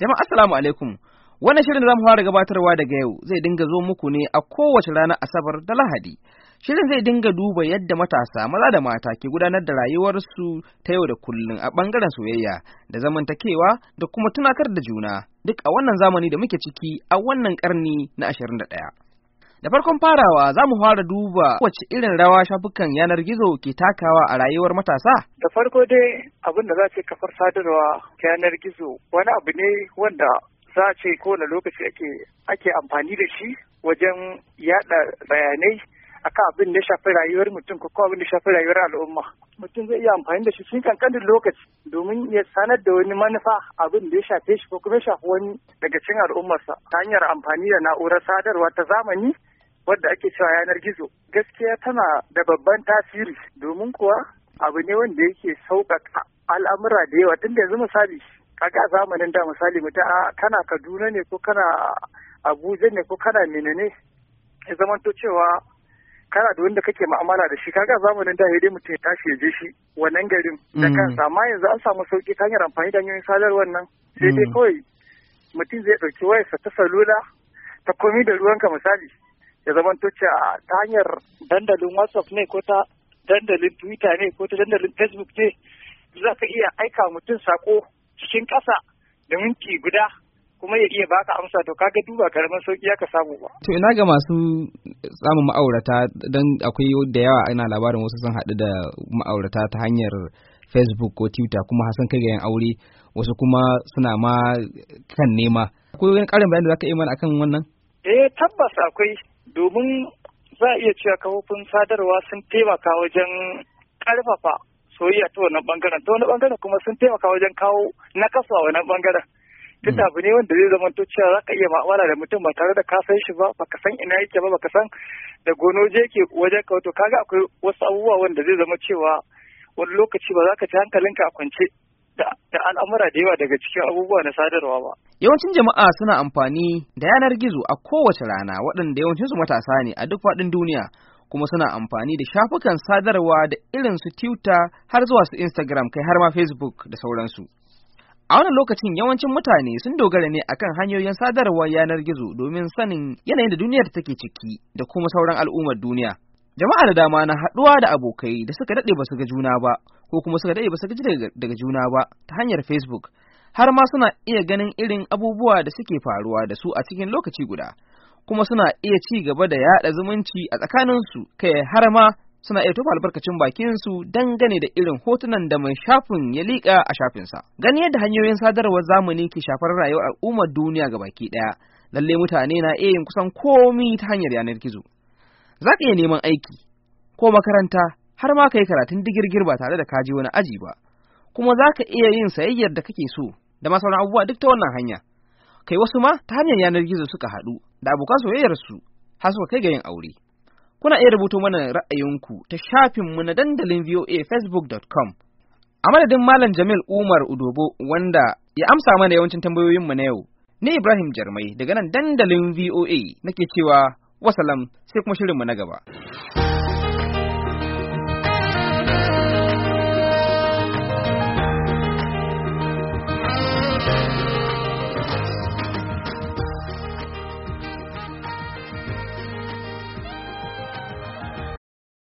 Jama'a assalamu alaikum. Wannan shirin da zamu fara gabatarwa daga yau zai dinga zo muku ne a kowace rana Asabar da Lahadi. Shirin zai dinga duba yadda matasa maza da mata ke gudanar da rayuwarsu ta yau da kullum a bangaren soyayya da zamantakewa da kuma tunatar da juna duk a wannan zamani da muke ciki a wannan karni na 21. Da farkon farawa za mu fara duba wacce irin rawa shafukan yanar gizo ke takawa a rayuwar matasa. Da farko dai abin da za ce kafar sadarwa ta yanar gizo wani abu ne wanda za a ce kowane lokaci ake ake amfani da shi wajen yada bayanai akan abin da shafi rayuwar mutum ko abin da shafi rayuwar al'umma mutum zai iya amfani da shi cikin kankanin lokaci domin ya sanar da wani manufa abin da ya shafe shi ko kuma ya shafi wani daga cikin al'ummarsa ta hanyar amfani da na'urar sadarwa ta zamani wadda ake cewa yanar gizo gaskiya tana da babban tasiri domin kuwa abu ne wanda yake sauƙaƙa al'amura da yawa tun da yanzu misali kaga a zamanin da misali mutum a kana kaduna ne ko kana abuja ne ko kana menene ya zamanto cewa kana da wanda kake ma'amala da shi kaga zamanin da dai mutum ya tashi ya je shi wannan garin da mm. kansa amma yanzu an samu sauki ta hanyar amfani da hanyoyin sadarwar nan sai dai mm. kawai mutum zai ɗauki wayarsa ta salula ta komi da ruwanka misali ya zamanto a ta hanyar dandalin whatsapp ne ko ta dandalin twitter ne ko ta dandalin facebook ne za ka iya aika mutum sako cikin ƙasa da minti guda kuma ya iya baka amsa to kaga duba karamin sauki ya ka samu ba. To ina ga masu samun ma'aurata don akwai da yawa ana labarin wasu sun haɗu da ma'aurata ta hanyar Facebook ko Twitter kuma hasan kai ga yan aure wasu kuma suna ma kan nema. Akwai wani ƙarin bayani da za ka iya mana akan wannan? Eh tabbas akwai domin za a iya cewa kafofin sadarwa sun taimaka wajen karfafa soyayya ta wannan bangaren ta wani bangaren kuma sun taimaka wajen kawo na a wannan bangaren duk hmm. abu ne wanda zai zama cewa za ka iya ma'amala da mutum ba tare da ka san shi ba baka san ina yake ba baka san da gonoje yake wajen ka wato kaga akwai wasu abubuwa wanda zai zama cewa wani lokaci ba za ka ci hankalinka a kwance da al'amura da yawa daga cikin abubuwa na sadarwa ba. Yawancin jama'a suna amfani da yanar gizo a kowace rana waɗanda yawancinsu matasa ne a duk faɗin duniya kuma suna amfani da shafukan sadarwa da irin su Twitter har zuwa su Instagram kai har ma Facebook da sauransu. A wannan lokacin yawancin mutane sun dogara ne akan hanyoyin sadarwar yanar gizo domin sanin yanayin da duniya take ciki da kuma sauran al'ummar duniya. Jama'a da dama na haɗuwa da abokai da suka daɗe ba su ga juna ba, ko kuma suka daɗe ba su ji daga juna ba ta hanyar Facebook, har ma suna iya ganin irin abubuwa da suke faruwa da su a cikin lokaci guda, kuma suna iya ci gaba da yaɗa zumunci a tsakanin su kai har ma suna iya tofa albarkacin bakinsu dangane da irin hotunan da mai shafin ya liƙa a shafinsa. Gani yadda hanyoyin sadarwar zamani ke shafar rayuwar al'ummar duniya ga baki ɗaya, lalle mutane na iya yin kusan komi ta hanyar yanar gizo. za ka iya neman aiki ko makaranta har ma ka yi karatun digirgir ba tare da kaji wani aji ba kuma za ka iya yin sayayyar da kake so da masu wani abubuwa duk ta wannan hanya kai wasu ma ta hanyar yanar gizo suka haɗu da abokan soyayyarsu har suka kai ga yin aure kuna iya rubuto mana ra'ayinku ta shafin mu na dandalin voa facebook.com a madadin malam jamil umar udobo wanda ya amsa mana yawancin tambayoyinmu na yau ni ibrahim jarmai daga nan dandalin voa nake cewa Wasalam sai kuma shirinmu na gaba.